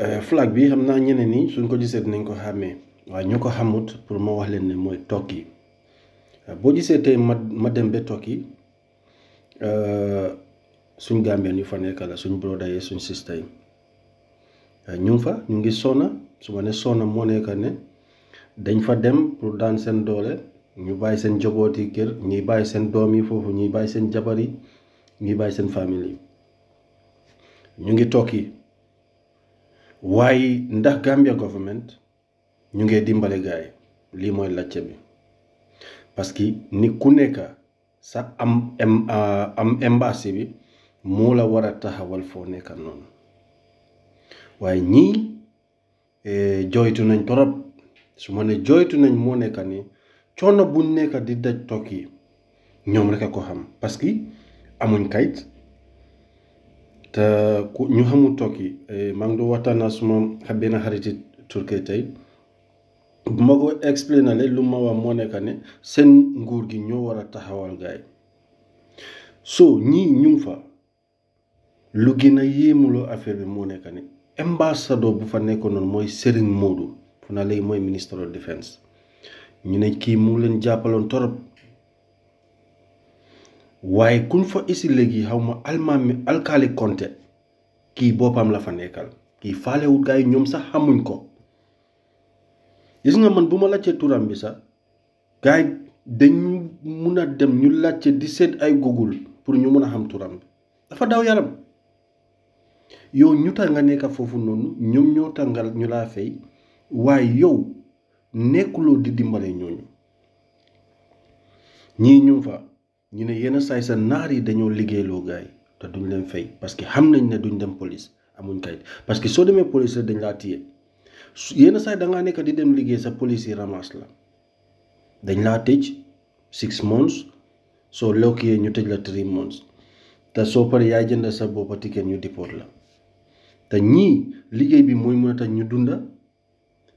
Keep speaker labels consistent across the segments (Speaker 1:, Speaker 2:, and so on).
Speaker 1: Euh, flag bi xam naa ñeneen ni suñ ko gisee dinañ ko xàmmee waaye ñu ko xamut pour moo wax leen ne mooy yi euh, boo gisee tey ma ma dem ba tokki euh, suñ gambien yu fa nekk la suñ broda yi suñ sista yi ñu fa ñu ngi sonna su ma ne sonna moo nekk ne dañ fa dem pour daan seen doole ñu bàyyi seen yi kër ñuy bàyyi seen doom yi foofu ñuy bàyyi seen jabar yi ñuy bàyyi seen famille yi ñu ngi tokki waaye ndax Gambia government ñu ngee dimbale gaay lii mooy lacce bi parce que ni ku nekka sa am euh, am embassy bi moo la war a taxawal foo nekk noonu waaye ñii eh, joytu nañ torop su ma ne joytu nañ moo nekka ni coono bu nekk di daj tokki ñoom rek a ko xam parce que amuñ kayit te ku ñu xamul Turki eh, maa ngi doon waxtaan naa suma xam benn xariti Turki tey bu ma ko expliqué lu ma wax moo nekk ne seen nguur gi ñoo war a taxawal gaay so ñii ñu ngi fa lu gën a yéemuloo affaire bi moo nekk ne ambassadeur bu fa nekkoon noonu mooy Serigne Modou fu naa léegi mooy ministre de défense ñu ne kii mu leen jàppaloon torop waaye kuñ fa isi léegi xaw ma almaam mi alkaali konte kii boppam la fa nekkal kii faalewut gaa yi ñoom sax xamuñ ko gis nga man bu ma laajte turam bi sax gaa yi dañu mun a dem ñu laajte di seet ay google pour ñu mën a xam turam bi dafa daw yaram yow ñu tax nga nekk foofu noonu ñoom ñoo tax ñu laa fay waaye yow nekkuloo di dimbale ñooñu ñii ñu fa. ñu ne yenn saay sa naar yi dañoo liggéey liggéeyloo gaay te duñ leen fay parce que xam nañ ne duñu dem police amuñ kayit parce que soo demee police dañ laa téye yenn saay da nekk di dem liggéey sa police yi la dañ laa tëj six months soo lokkee ñu tëj la three months te soo paree yaay jënd sa boppa ticket ñu déport la te ñii liggéey bi mooy mën a tax ñu dunda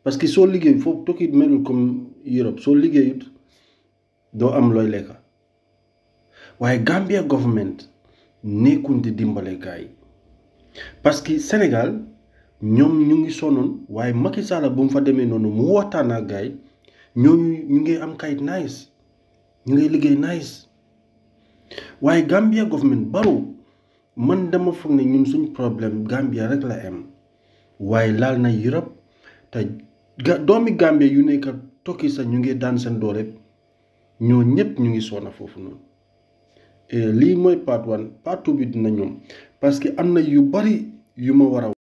Speaker 1: parce que soo liggéey foofu tokkit melul comme Europe soo liggéeyut doo am looy lekka waaye Gambia government nekkuñ di dimbale gars parce que Sénégal ñoom ñu ngi sonoon waaye Macky Sall bu mu fa demee noonu mu waxtaan ak gars yi ñooñu ñu ngi am kayit nice ñu ngi liggéey nice waaye Gambia government baro man dama foog ne ñun suñ problème Gambia rek la am waaye laal na Europe te doomi Gambia yu nekk Turquie sax ñu ngi daan seen doole ñoo ñëpp ñu ngi sona foofu noonu. lii mooy part one part two bi dina ñoom parce que am na yu bari yu ma war